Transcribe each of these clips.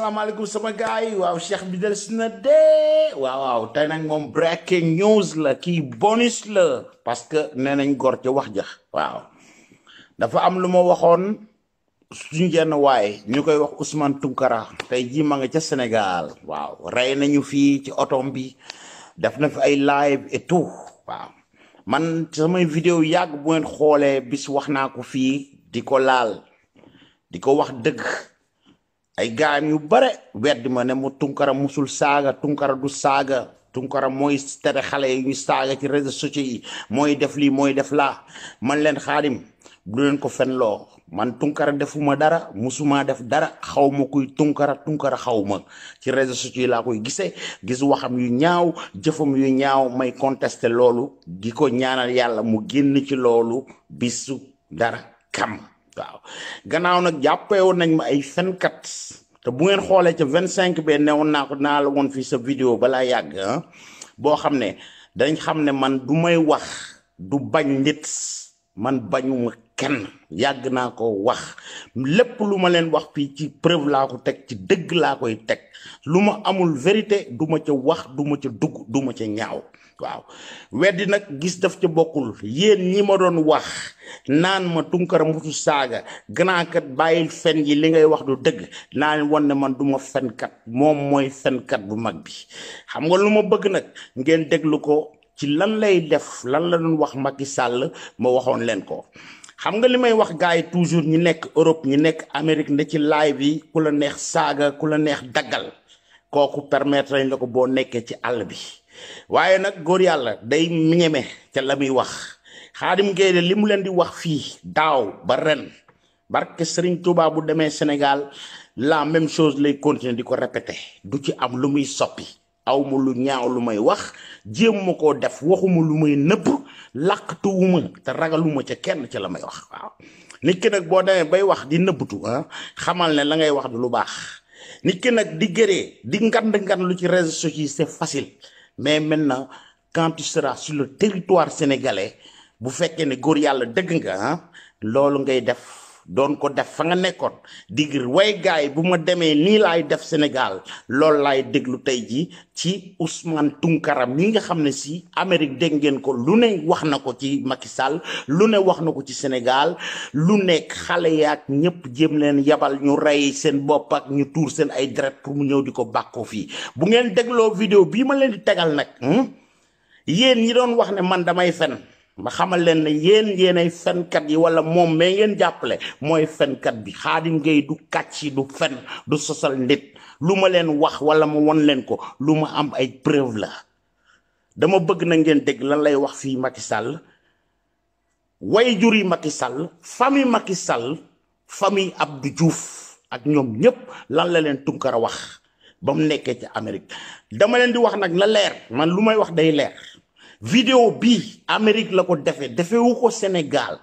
salaamaaleykum sama gars waaw cheikh bi del si na dee waaw waaw tey nag moom breaking news la kii bonus la parce que nee nañ gor ca wax ja waaw dafa am lu ma waxoon suñu genn waaye ñu koy wax Ousmane Tounkara tey jii ma nga ca senegal waaw rey nañu fii ci otom bi def na fi ay live et waaw man samay vidéo yàgg bu ngeen xoolee bis wax naa ko fii di ko laal di ko wax dëgg ay gaayam yu bare weddi ma ne mu tunkara musul saaga tunkara du saaga tunkara mooy tere xale yi ñuy saaga ci réseaux sociaux yi mooy def lii mooy def laa man leen xaadim du leen ko fenloo man tunkara defuma dara musuma def dara xaw ma kuy tunkara tunkara xaw ma ci réseaux sociaux yi laa koy gisee gis waxam yu ñaaw jëfam yu ñaaw may contesté loolu di ko ñaanal yàlla mu génn ci loolu bisu dara kam waaw gannaaw nag jàppee woon nañ ma ay fenkat te bu ngeen xoolee ca vingt cinq be newoon naa ko naa la woon fii sa vidéo balaa yàgg ah, boo xam ne dañ xam ne man du may wax du bañ nit man bañuma kenn yàgg naa ko wax lépp lu ma leen wax fii ci preuve laa ko teg ci dëgg laa koy teg lu ma amul vérité du ma ca wax du ma ca dugg du ma ca ñaaw waaw weddi nag gis daf ca bokkul yéen ñi ma doon wax naan ma tunkara mutu saaga ganaakat bàyyil fen yi li ngay wax du dëgg naan leen wan ne man du ma fenkat moom mooy fenkat bu mag bi xam nga lu ma bëgg nag ngeen déglu ko ci lan lay def lan la doon wax Macky Sall ma waxoon leen ko xam nga li may wax gars yi toujours ñi nekk Europe ñi nekk amerique nda ci laay bi ku la neex saaga ku la neex daggal kooku permettre lañ la ko boo nekkee ci àll bi waaye nag góor yàlla day ñeme ca la muy wax Xaadim Gaydé li mu leen di wax fii daaw ba ren barke Serigne Touba bu demee Sénégal la même chose lay continuer di ko répéter du ci am lu muy soppi aw ma lu ñaaw lu may wax jéem ma koo def waxuma lu may nëpp làqtuwuma te ragaluma ca kenn ca la may wax waaw nit ki nag boo demee bay wax di nëbbtu ah, xamal ne la ngay wax du lu baax nit ki nag di gëree di ngand ngan lu ci réseaux sociaux c'est facile mais maintenant quand tu seras sur le territoire sénégalais vous faites une goriale de dëgg nga ah, ngay doon ko def fa nga nekkoon digir way gaay bu ma demee nii laay def senegaal loolu laay déglu tey jii ci Ousmane Tounkara mi nga xam ne si amerique dégg ngeen ko lu ne wax na ko ci Macky Sall lu ne wax na ko ci Sénégal lu nekk xale yaak ñëpp jéem leen yabal ñu rey seen bopp ñu tuur seen ay deret pour mu ñëw di ko bàkkoo fii bu ngeen dégloo vidéo bii ma leen di tegal nag hmm? yéen ñi doon wax ne man damay fen ma xamal yen ne yéen fen fenkat yi wala moom mais ngeen jàppale mooy fenkat bi xaadim gay du kàcci du fen du sosal nit lu ma wax wala ma won leen ko lu am ay preuve la dama bëgg na ngeen dégg lan lay wax fii Macky Sall way juri Macky Sall famille Macky Sall famille Abdou Diouf ak ñoom ñëpp lan la leen tunkara wax ba mu ci dama di wax la leer man lumay wax day leer vidéo bi amerique la ko defee defewu ko Sénégal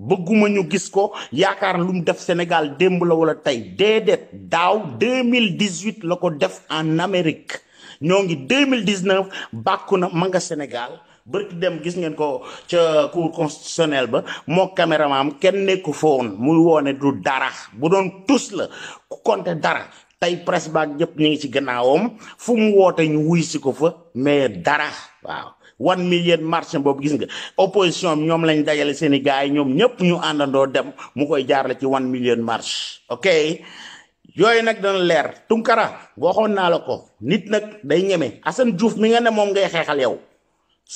bëgguma ñu gis ko yaakaar lu mu def Sénégal démb la wala tey déedéet daaw 2018 la ko def en Amérique ñoo ngi 2019 bàkku na ma nga Sénégal bërki dem gis ngeen ko ca cour constitutionnel ba moo caméraman kenn nekku fa woon muy woone du dara bu doon tus la ku compté dara tey presse baak ñëpp ñu ngi ci gannaawam fu mu woote ñu wuy si ko fa mais dara waaw one million march boobu gis nga opposition bi ñoom lañ dajale seen i gars yi ñoom ñu àndandoo dem mu koy jaarale ci one million marche ok yooyu nag dana leer tunkara waxoon naa la ko nit nag day ñeme Assane Diouf mi nga ne moom ngay xeexal yow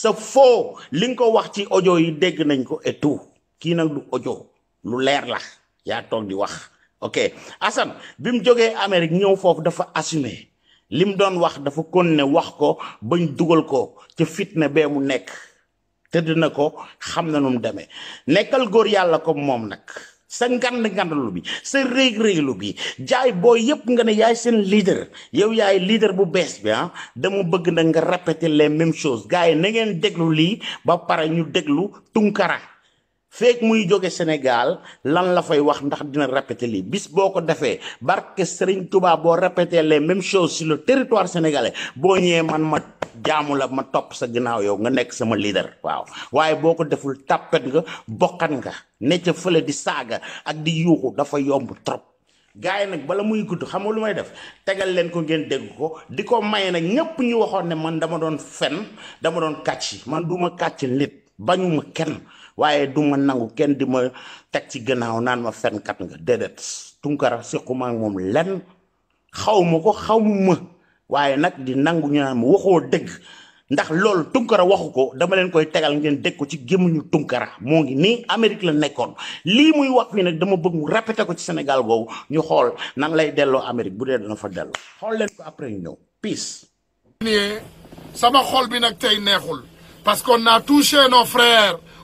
sa faux li ko wax ci audio yi dégg nañ ko et tout kii nag du audio lu leer la ya toog di wax ok Assane bi mu jógee Amérique ñëw dafa assumer lim doon wax dafa kon ne wax ko bañ dugal ko ca fitna bee mu nekk tëdd na ko xam na nu mu demee nekkal góor yàlla ko moom nag sa ngand ngandalu bi sa réeg réeglu bi jaay boo yépp nga ne yaay seen leader yow yaay leader bu bees bi ah dama bëgg na nga répéter les mêmes choses gars yi na ngeen déglu lii ba pare ñu déglu tunkara feek muy jóge Sénégal lan la fay wax ndax dina répéter lii bis boo ko defee barke Serigne Touba boo répéter lee mêmes choses si la territoire sénégalais boo ñëwee man ma jaamula ma topp sa ginnaaw yow nga nekk sama liider waaw waaye boo ko deful tàppet nga bokkat nga ne ca fële di saaga ak di yuuxu dafa yomb trop. gaay yi nag bala muy gudd xam nga lu may def tegal leen ko ngeen dégg ko di ko may nag ñépp ñu waxoon ne man dama doon fen dama doon kàcc man du ma kàcc nit kenn waaye du ma nangu kenn di ma teg ci gannaaw naan ma fenkat nga déedéet Tunkara siquma ak moom lenn xaw ma ko xaw ma waaye nag di nangu ñu naan waxoo dëgg ndax loolu Tunkara waxu ko dama leen koy tegal ngeen dégg ko ci gémmiñu Tunkara moo ngi nii amerique la nekkoon lii muy wax fii nag dama bëgg mu répété ko ci senegal googu ñu xool nan lay delloo amerique bu dee dana fa delloo xool leen ko après ñu ñëw peace. sama xol bi nag tey neexul parce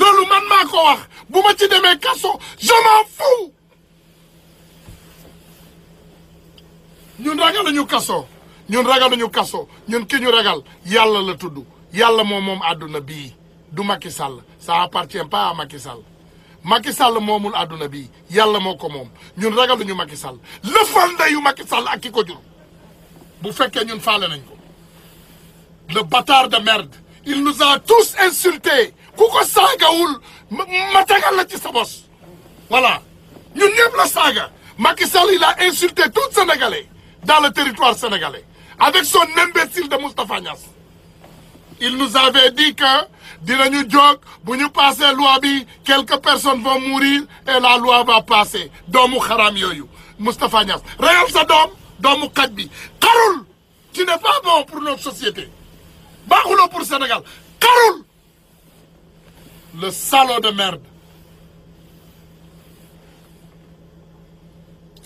loolu man mako wax buma ci kasso je m'en fous ñun ñu kasso ñun ñu kasso ñun ki ñu ragal yalla la tuddu yalla moom mom aduna bi du Macky ça appartient pas à Macky Sall Macky Sall moomul àdduna bii yàlla moo ko moom ñun ragaluñu Macky Sall lëfal ndeyu Macky Sall ak ki ko jur bu fekke ñun faalé nañ ko le bâtard de merde il nous a tous insultés pourquoi ça a ma tagal la ci sa voilà ñun n'aimons la Saga. Macky il a insulté tout Sénégalais dans le territoire sénégalais avec son imbécile de Moustapha Niass il nous avait dit que dinañu jóg bu ñu la loi bi quelques personnes vont mourir et la loi va passer dans kharam yoyu Moustapha Niass reyal sa Dom doomu Karoul, bi tu n'es pas bon pour notre société baaxuloo pour Sénégal Karul. le salaud de merde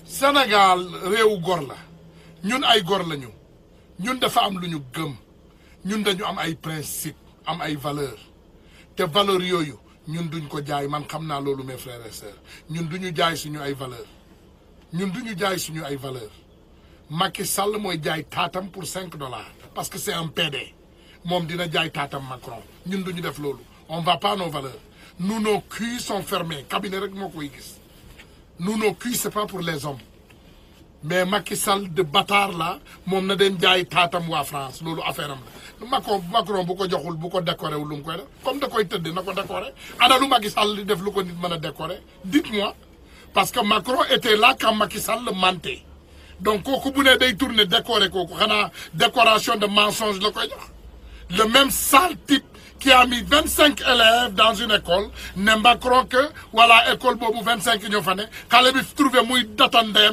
Sénégal réewu góor la ñun ay góor lañu ñun dafa am lu ñu gëm ñun dañu am ay principe am ay valeur te valeur yooyu ñun duñ ko jaay man xam naa loolu mes frères et sœurs ñun duñu jaay suñu ay valeur ñun duñu jaay suñu ay valeur Macky Sall mooy jaay taatam pour cinq dollars parce que c'est un PD moom dina jaay taatam Macron ñun duñu def loolu on ne va pas à nos valeurs. Nous, nos culs sont fermés. Cabinet Nous, nos culs, ce n'est pas pour les hommes. mais Macky de bâtard là, na France loolu affaire Macron Macron bu ko joxul comme na Macky Sall def dites-moi parce que Macron était là quand Macky Sall mentait donc France. Je suis day tourner décoration de mensonge le même sale type qui a mis 25 élèves dans une école Nemba que voilà école bobo 25 trouvé muy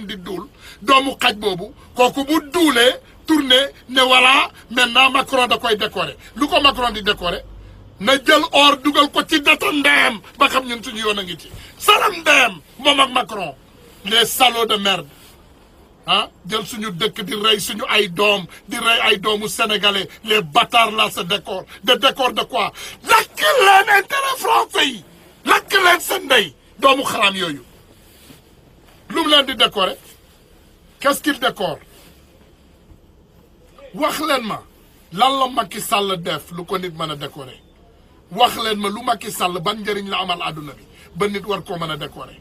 di doul, doomu bu ne voilà maintenant Macron de quoi décorer look Macron di décorer na jël or dugal ko ci ba salam Dem, Macron les salauds de merde ah jël suñu dëkk di rey suñu ay doom di rey ay doomu sénégalais les bâtards là se décor de décor de quoi lakk leen intérêt français yi lakk leen seen ndey doomu xaraam yooyu lu mu leen di décorer qu'est-ce qu'il décore wax leen ma lan la Macky Sall def lu ko nit mën a décorer wax leen ma lu Macky Sall ban njëriñ la amal àdduna bi ba nit war koo mën a décorer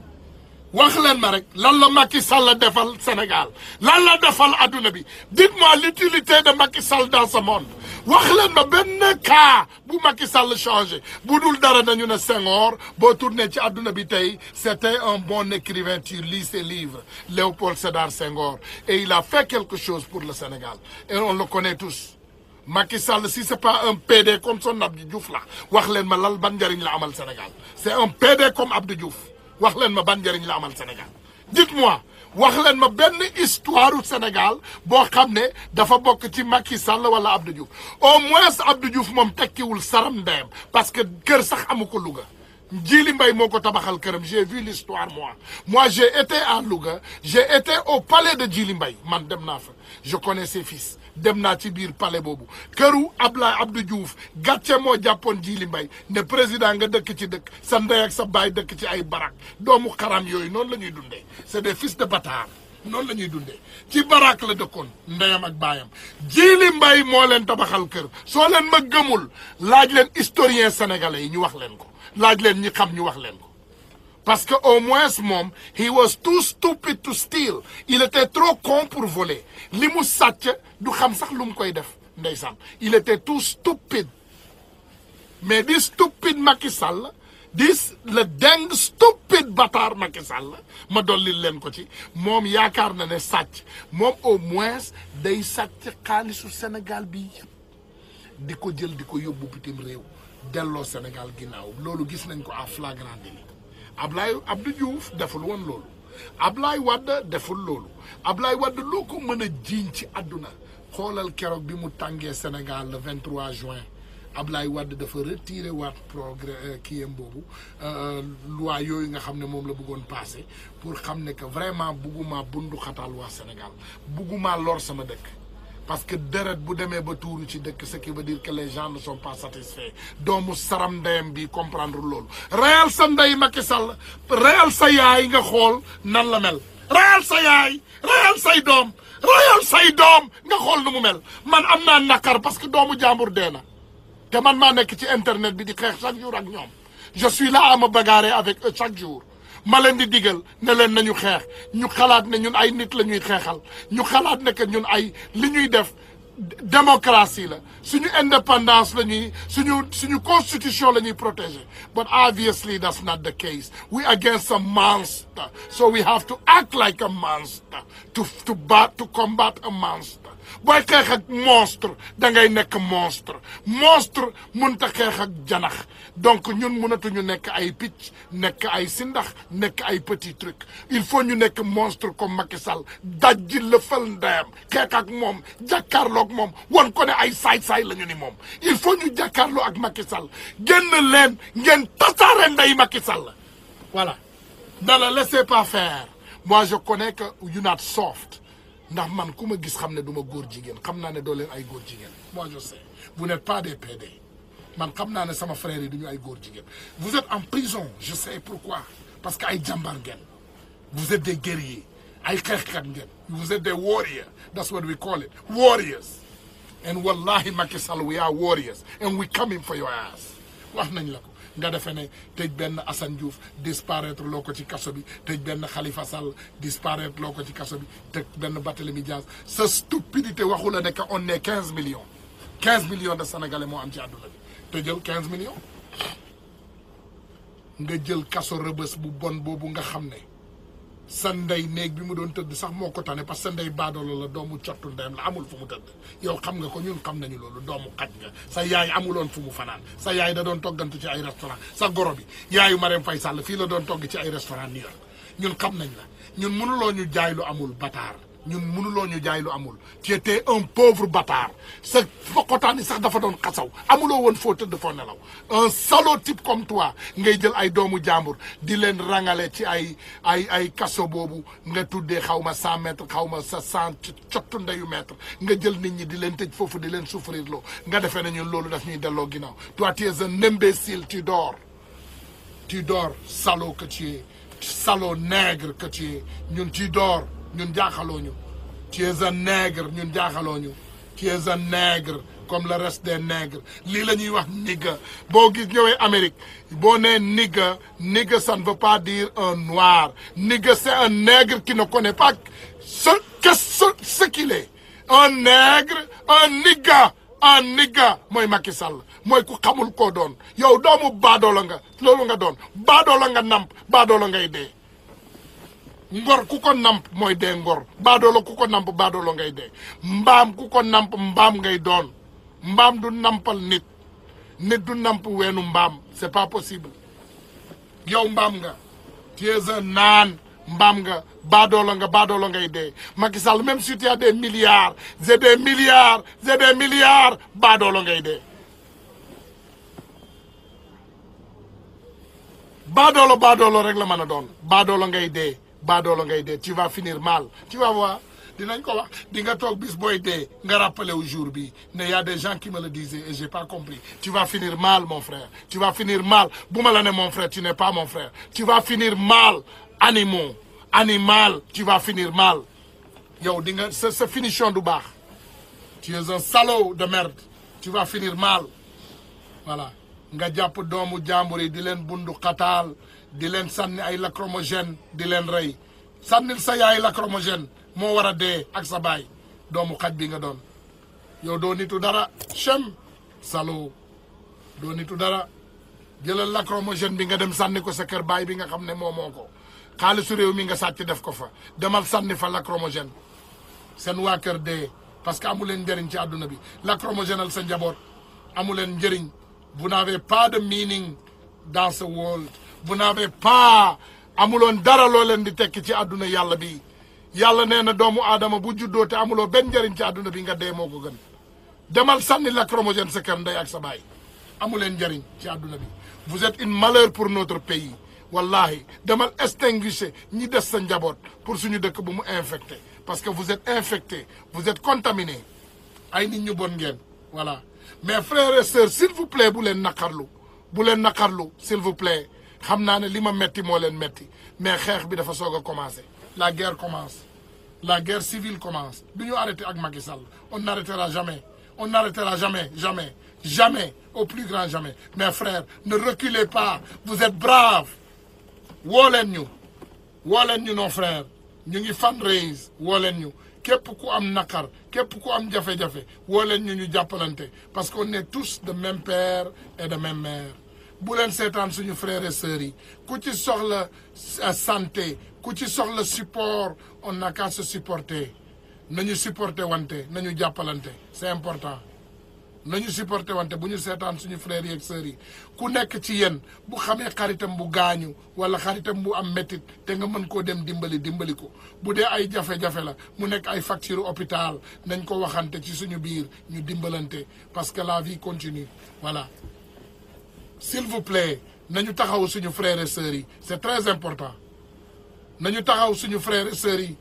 wax leen ma rek lan la Macky Sall defal Sénégal lan la defal aduna bi dites-moi l'utilité de Macky Sall dans ce monde wax leen ma benn cas bu Macky Sall changé bu dul dara nañu ne Senghor boo tourné ci aduna bi tey c'était un bon écrivain tu lis ses livres Léopold Sédar Senghor et il a fait quelque chose pour le Sénégal et on le connaît tous Macky Sall si c'est pas un PD comme son Abdou Diouf la wax leen ma lal ban njëriñ la Sénégal c'est un PD comme Abdou Diouf wax ma ban njëriñ la amal Sénégal dites-moi wax ma benn histoire du Sénégal bo xamné dafa bok ci Macky Sall wala Abdou Diouf au moins Abdou Diouf tekki wul saram ndeyam parce que keur sax amuko ko Louga Djili Mbaye moko tabaxal këram j'ai vu l'histoire moi moi j'ai été à Louga j'ai été au palais de Djili Mbaye man dem naa fa je connais ses fils dem naa ci biir pale boobu këru Ablaye Abdou Diouf gàcce moo jàppoon Djily mbay ne président nga dëkk ci dëkk sa ndey ak sa baay dëkk ci ay barak doomu xaram yooyu noonu la ñuy dundee c'est des fils de bâtard noonu la ñuy dundee ci barak la dëkkoon ndeyam ak baayam Djily Mbaye moo leen tabaxal kër soo leen ma gëmul laaj leen historien sénégalais yi ñu wax leen ko laaj leen ñi xam ñu wax leen ko Parce que moins moment, he was too stupid to steal il était trop con pour voler Il du xam sax koy def il était tout stupid mais dis stupid Macky dis le stupide stupid bâtard Macky ma dolli l'en ko ci moom yaakaar ne au moins il était a Sénégal bi Diko Sénégal. jël di a bitim Sénégal gis à flagrant délit Ablaye Abdou Diouf deful woon loolu Ablaye Wade deful loolu Ablaye wadd loo ko mën a jiiñ ci àdduna xoolal keroog bi mu tàngee Sénégal le juin ab Ablaye wadd dafa retiré waat progrès euh, kii yam boobu euh, loi yooyu nga xam ne moom la bëggoon passé pour xam ne que vraiment bugguma bundu xataal waa Sénégal bugguma lor sama dëkk. parce que deret bu demee ba tuuru ci dëkk ce qui veut dire que les gens ne sont pas satisfaits doomu saram ndeyam bi comprendre loolu reyal sa ndey Macky Sall reyal sa yaay nga xool nan la mel reyal sa yaay reyal say doom reyal say doom nga xool nu mu mel man am naa nakar parce que doomu jambour dee na te man maa nekk ci internet bi di xeex chaque jour ak ñoom je suis là à me bagarrer avec eux chaque jour ma di digal ne leen nañu xeex ñu xalaat ne ñun ay nit la ñuy ñu xalaat ne que ñun ay li ñuy def démocratie la suñu indépendance la suñu suñu constitution la protéger but obviously that's not the case we against a monster so we have to act like a monster to to bat to combat a monster booy xeex ak monstre da ngay nek monstre monstre mënta xeex ak janax donc ñun mënatuñu nek ay pitch nek ay sindax nek ay petit truc il faut ñu nek monstre comme Macky Sall dajji fal ndeyam xeex ak moom jàkkaarloog Mom won ko ne ay say say lañu ni mom il faut ñu jakarlo ak Macky Sall genn leen ngeen tassare nday Macky Sall voilà ne laissez pas faire moi je connais que you not soft ndax man ku ma gis xam ne du ma góor jigéen xam naa ne doo leen ay góor jigéen moi je sais vous pas des PD man xam naa ne sama frère yi du ñu ay góor jigéen vous êtes en prison je sais pourquoi parce que ay jàmbaar ngeen vous êtes des guerriers ay xeexkat ngeen vous êtes des warriors that's what we call it warriors and wallahi Macky we are warriors and we coming for your ass wax nañ la ko nga defe ne tëj benn Assane Diouf loo ko ci kaso bi tëj benn xalifa Sall disparaître loo ko ci kaso bi tëj benn Barthélémy Dias sa stupidité waxu la ne que on est quinze millions quinze millions de sénégalais moo am ci àdduna bi te jël quinze millions nga jël kaso rëbës bu bon boobu nga xam ne sa ndey néeg bi mu doon tëdd sax moo ko tane parce que sa ndey baadolo la doomu cottu ndeyam la amul fu mu tëdd yow xam nga ko ñun xam nañu loolu doomu xaj nga sa yaay amuloon fu mu fanaan sa yaay da doon toggante ci ay restaurant sa goro bi yaayu Marème fay Sall fii la doon togg ci ay restaurant New York ñun xam nañ la ñun mënuloo ñu jaay lu amul bataar ñun mënuloo ñu jaay amul tu étais un pauvre bâtard sa sax dafa doon xasaw amuloo woon foo tëdd foo un salaud type comme toi ngay jël ay doomu jàmbur di rangale ci ay ay ay kaso boobu nga tuddee mètres xaw ma mètres nga jël nit ñi di leen tëj foofu di leen souffrir loo nga toi tu es un imbécile tu dors tu dors salaud que tu es salaud nègre que tu es ñun tu dors ñun jaaxalooñu tu es un nègre ñun jaaxalooñu tu es un nègre comme le reste des nègres li lañuy wax nigga bo gis ñowé Amérique bo né nigga nigga ça ne veut pas dire un noir nigga c'est un nègre qui ne connaît pas ce que ce ce qu'il est un nègre un nigga un nigga moy Macky Sall mooy ku xamul ko doon yow doomu baadoola nga loolu nga doon baadoola nga namp baadoola ngay dee ngor kuko ko namp mooy dee ngor baadoolo ku ko namp baadoolo ngay dee mbam ku namp ngay du nampal nit nit du namp wenu mbaam c'est pas possible yow mbaam nga tu es un naan mbaam nga badolo nga badolo ngay dee Macky Sall même si tu as des milliards j'ai des milliards j'ai des milliards badolo ngay rek la ngay baadoolo ngay dé tu vas finir mal tu vas voir dinañ ko wax di nga tok bis boy dé nga rappelé au jour bi ne y a des gens qui me le disaient et j'ai pas compris tu vas finir mal mon frère tu vas finir mal bu la mon frère tu n'es pas mon frère tu vas finir mal animaux animal tu vas finir mal yow di nga ce, ce finition du tu es un salaud de merde tu vas finir mal voilà nga japp domou jàmbur di len bundu khatal di leen sànni ay lacromogène di ray rey sànnil sa yaay lacromogène moo war a dee ak sa baay doomu xaj bi nga doon yow doo nitu dara chem salo doo nitu dara jëlal lacromogène bi nga dem sànni ko sa kër baay bi nga xam ne moo moo ko xaalisu réew mi nga sàcc def ko fa demal sànni fa lacromogène seen waa kër dee parce que amu njëriñ ci àdduna bi lacromogène al sa njaboot amu njëriñ vous n'avez pas de meaning dans ce world vous n'avez pas amuloon dara loo leen di tek ci aduna yalla bi yalla nee na doomu adama bu juddote te ben benn ci aduna bi nga De moko gën demal sànni la sa kër ndey ak sa bay amuleen njëriñ ci aduna bi vous êtes une malheur pour notre pays wallahi demal extinguishe ñi dess sa njaboot pour suñu dëkk bu mu infecté parce que vous êtes infecté vous êtes contaminé ay nit ñu bon ngeen voilà mes frères et sœurs s'il vous plaît bu len naqarlu bu len s'il vous plaît xam ne lima metti mo len metti mais xex bi dafa soga commencer la guerre commence la guerre civile commence du arrêter ak Macky on n'arrêtera jamais on n'arrêtera jamais jamais jamais au plus grand jamais mes frères ne reculez pas vous êtes braves wolen ñu wolen ñu nos frères ñu ngi fundraise wolen ñu képp ku am nakar képp ku am jafé jafé wolen ñu ñu parce qu'on est tous de même père et de même mère si frères et sœurs yi ku euh, santé ku support on n'a qu'à se supporter nous supporter wante nous c'est important nous supporter wante nous, ñu suñu frères yi ak sœurs yi wala bu am métit nga mën dimbali dimbali ko ay la facture hôpital parce que la vie continue voilà s'il vous plaît nañu taxaw suñu frères et yi c'est très important nañu taxaw suñu frères et yi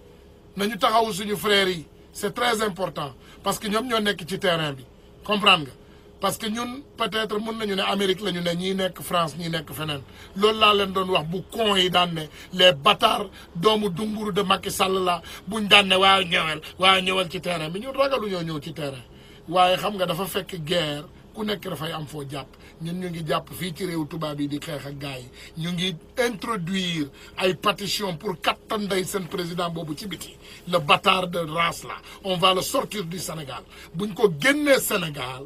nañu taxaw suñu frères yi c'est très important parce que ñoom ñoo nekk ci terrain bi comprendre nga parce que ñun peut-être mun nañu ne Amérique la ñu ne ñii nekk France ñii nekk feneen loolu laa leen doon wax bu con yi daan ne les bâtards doomu dunguru de Macky Sall la buñ daan ne waaw ñëwal waaw ñëwal ci terrain bi ñun ragalu ñoo ñëw ci terrain waaye xam nga dafa fekk guerre ku nekk dafay am foo jàpp ñun ñu ngi jàpp fii ci réew tuba bi di xeex ak gars yi ñu ngi introduire ay pétition pour kattan day seen président boobu ci biti le bâtard de race là on va le sortir du Sénégal buñ ko génnee Sénégal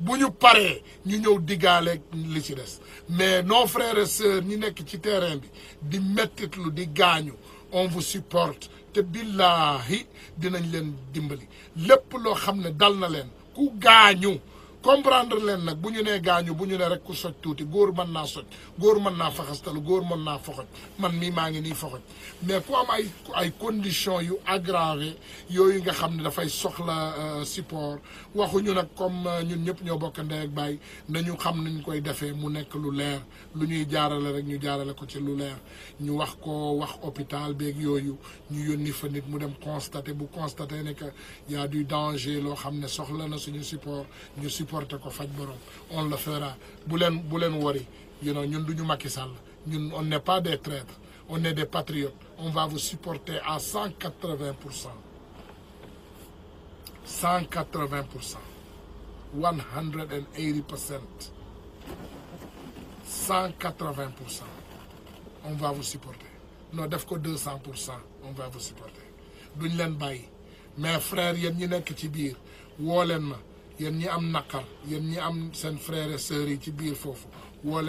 bu ñu paree ñu ñëw diggaale li ci des mais nos frères et sœurs ñi nekk ci terrain bi di mettitlu di gaañu on vous supporte te billaahi dinañ leen dimbali lépp loo xam ne dal na leen ku gaañu comprendre leen nag bu ñu nee gaañu bu ñu ne rek ku soj tuuti góor mën naa soj góor mën naa faxastalu góor mën naa foxoj man mii maa ngi nii foxoj mais ku ay ay conditions yu aggravé yooyu nga xam ne dafay soxla euh, support waxuñu nag comme euh, ñun ñëpp ñoo bokk ndey ak xam nañ koy defee mu nekk lu leer lu ñuy jaarale rek ñu jaarale ko ci lu leer ñu wax ko wax hôpital beeg yooyu ñu yónni fa mu dem constater bu constater ne que y loo xam ne soxla na suñu support ñu support on le fera bu len bu len wori you know on n'est pas des traîtres on est des patriotes on va vous supporter à 180% 180% 180% on va vous supporter non def ko 200% on va vous supporter duñ mes frères yeen ñi nek ci yéen ñi am frères et sœurs ci biir fofu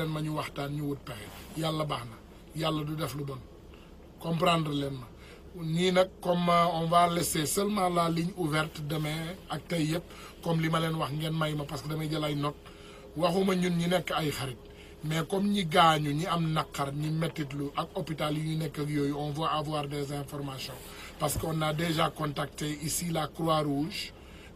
ma ñu waxtaan ñu wut du def lu comprendre comme euh, on va laisser seulement la ligne ouverte demain ak comme li ma wax ngeen may parce que damay jël ay waxuma ñun ñi nek ay xarit mais comme ñi ñi am ñi ak hôpital yi on va avoir des informations parce qu'on a déjà contacté ici la Croix-Rouge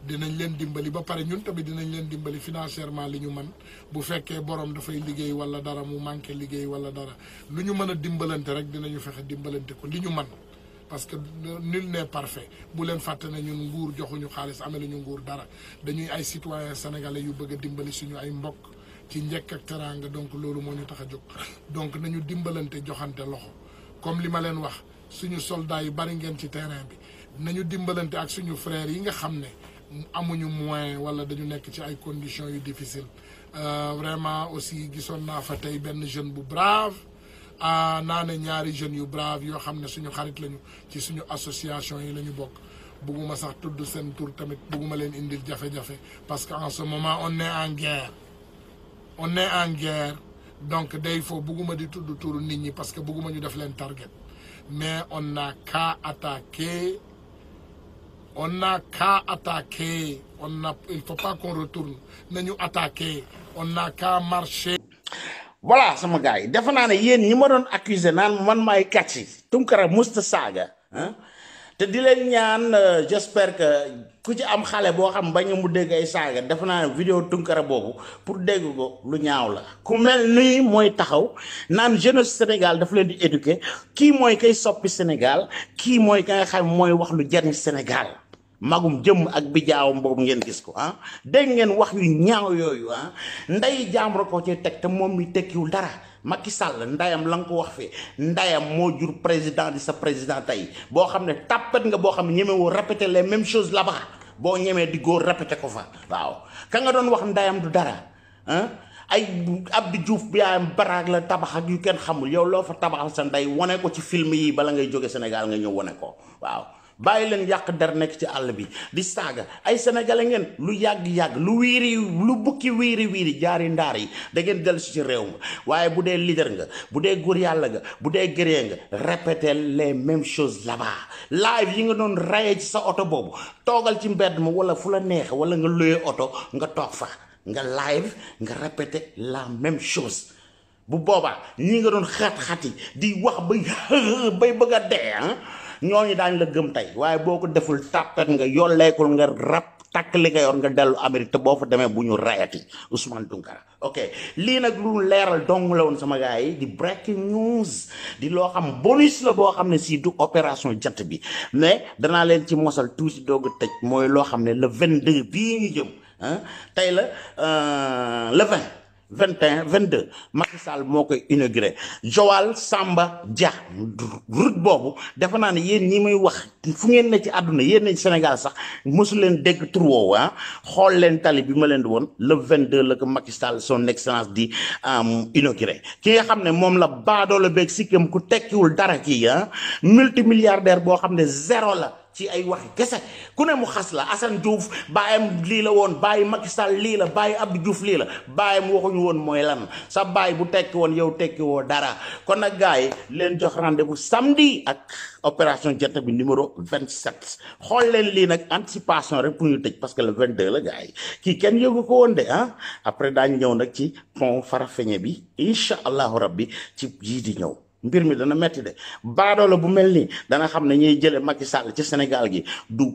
dinañ leen dimbali ba pare ñun tamit dinañ leen dimbali financièrement li ñu man bu fekkee borom dafay liggéey wala dara mu manqué liggéey wala dara lu ñu mën a dimbalante rek dinañu fexe dimbalante ko li ñu man parce que nul ne parfait bu leen fàtte ne ñun nguur joxuñu xaalis amee la ñu nguur dara dañuy ay citoyens sénégalais yu bëgg a dimbali suñu ay mbokk ci njëkk ak teraanga donc loolu moo ñu tax a jóg donc nañu dimbalante joxante loxo comme li ma leen wax suñu soldats yi bari ngeen ci terrain bi nañu dimbalante ak suñu frères yi nga xam ne amuñu moyen wala dañu nek ci ay conditions yu euh vraiment aussi gisoon naa fa tey benn jeune bu brave ah nana ne ñaari jeunes yu brave yo xamne suñu xarit lañu ci suñu association yi lañu bokk bugguma sax tudd sen tour tamit bugguma len indil jafé jafé parce que en ce moment on est en guerre on est en guerre donc day faut bugguma di tudd tour nit ñi parce que bugguma ñu def len target mais on a qu'à attaquer on n'a qu'à attaquer. On a, il ne faut pas qu'on retourne. Nous attaquer. On n'a qu'à marcher. Voilà, sama gars yi defe ni ne ma accusé nan man maay kàcc Tumkara Tunkara musta saaga hein? te di leen euh, j'espère que ku ci am khale bo xam bañ mu dégg ay saaga defe vidéo tumkara boobu pour dégg ko lu ñaaw la ku mel nii mooy taxaw naan jeunesse Sénégal dafa leen di éduquer kii kay soppi Sénégal ki moi kay kham xam wak wax lu jariñ Sénégal magum jëm ak bi jaawam boobu ngeen gis ko ah dégg ngeen wax yu ñaaw yooyu ah ndey jaamro ko ci teg te moom mi tekkiwul dara Macky Sall ndayam la nga ko wax fi ndeyam moo jur président di sa président tey boo xam ne tàppet nga boo xam ne ñemewoo répéter les même choses labax boo ñemee di góor répéter ko fa waaw ka nga doon wax ndayam du dara ah ay Abdou Diouf yaayam baraag la tabax ak yu kenn xamul yow loo fa tabaxal sa ndey wane ko ci film yi bala ngay jóge Sénégal nga ñëw wane ko waaw bàyyi leen yàq der nekk ci àll bi di saaga ay sénégalais ngeen lu yàgg-yàgg lu wiiri lu bukki wiiri wiiri jaari ndaar yi da ngeen dellu si ci réew nga waaye bu dee leader nga bu dee góor yàlla nga bu dee gëree nga répéter les mêmes choses là-bas live yi nga doon raye ci sa oto boobu toogal ci mbedd ma wala fu la neex wala nga luyee oto nga toog fa nga live nga répéter la même chose bu boobaa ñi nga doon xat-xati di wax bay bay bëgg a dee ñoo ñooñu daañ la gëm tey waaye boo ko deful tàppet nga yolleekul nga rab takk li nga yor nga dellu Amérique te boo fa demee bu ñu rayati Ousmane Tounkara ok lii nag lu leeral dong la woon sama gars yi di breaking news di loo xam bonus la boo xam ne sii du opération jant bi mais danaa leen ci mosal tuuti doog a tëj mooy loo xam ne le 22 bii ñu jëm ah tey la euh, le 20. 21 22 Macky Sall moo koy inauguré Joal Samba Dia route boobu defe naa ne yéen ñi muy wax fu ngeen ne ci àdduna yéen Sénégal sax mosu leen dégg tur woowu ah. xool leen tali bi ma leen di woon le deux la ko Macky Sall son excellence di inauguré ki nga xam ne moom la baadoo la beeg sikkam ku tekkiwul dara kii ah multimilliardaire boo xam ne zéro la. ci ay wax gese ku ne mu xas la Assane Diouf baayam lii la woon bàyyi mag sal lii la bàyyi Abdou Diouf lii la baayam waxuñu woon mooy lan sa baay bu tekki woon yow tekki woo dara kon nag gars yi leen jox rendez-vous samedi ak opération jant bi numéro 27 xool leen lii nag anticipation rek pour ñu tëj parce que le 22 la gars kii kenn yëgu ko woon de ah après daañu ñëw nag ci pont Farafeñe bi incha allahu bi ci yii di ñëw. mbir mi dana metti de baadoolo bu mel nii dana xam ne ñuy jële Macky Sall ci Sénégal gi du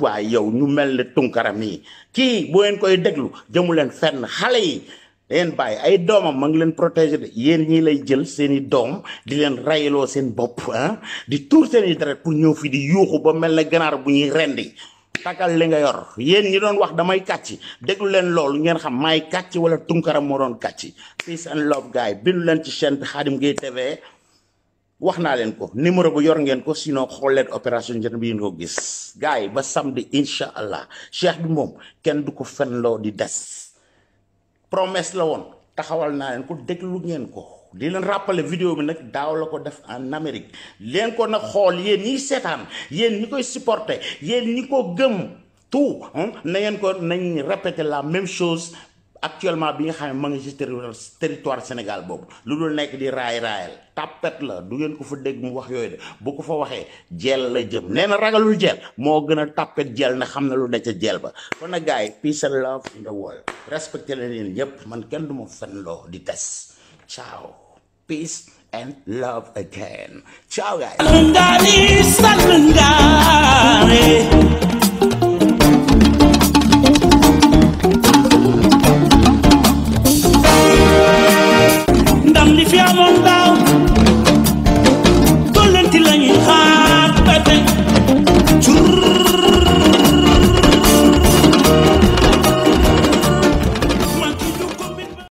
waaye yow ñu mel ne Tunkara yi kii boo leen koy déglu jëmu leen fenn xale yi leen bàyyi ay doomam ma ngi leen protéger de yéen ñii lay jël seen i doom di leen rayaloo seen bopp ah di tuur seen i deret pour ñëw fi di yuuxu ba mel ne ganaar bu ñuy rendi takal li nga yor yéen ñi doon wax damay kàcc déglu leen loolu ngeen xam maay kàcc wala Tunkara moo doon kàcc peace and love gaay leen ci chaîne bi Khadim wax naa leen ko numéro bu yor ngeen ko sino xool leen opération jën bi ngeen ko gis gars yi ba samedi incha allah cheikh bi moom kenn du ko fenloo di des promesse la woon taxawal naa leen ko déglu ngeen ko di leen rappeler vidéo bi nag daaw la ko def en Amérique leen ko nag xool yéen ñiy seetaan yéen ñi koy supporter yéen ñi ko gëm tou na ngeen ko nañ répéter la même chose actuellement bi nga xam ne ma ngi ci territoire Sénégal boobu lu dul nekk di raay raayal tàppet la du ngeen ko fa dégg mu wax yooyu de bu ko fa waxee jeel la jëm nee na ragalul jeel moo gën a tàppet jeel na xam na lu ne ca jeel ba kon nag gars yi peace and love in the world respecté la leen ñëpp man kenn du ma fen loo di tes ciao peace and love again ciao guys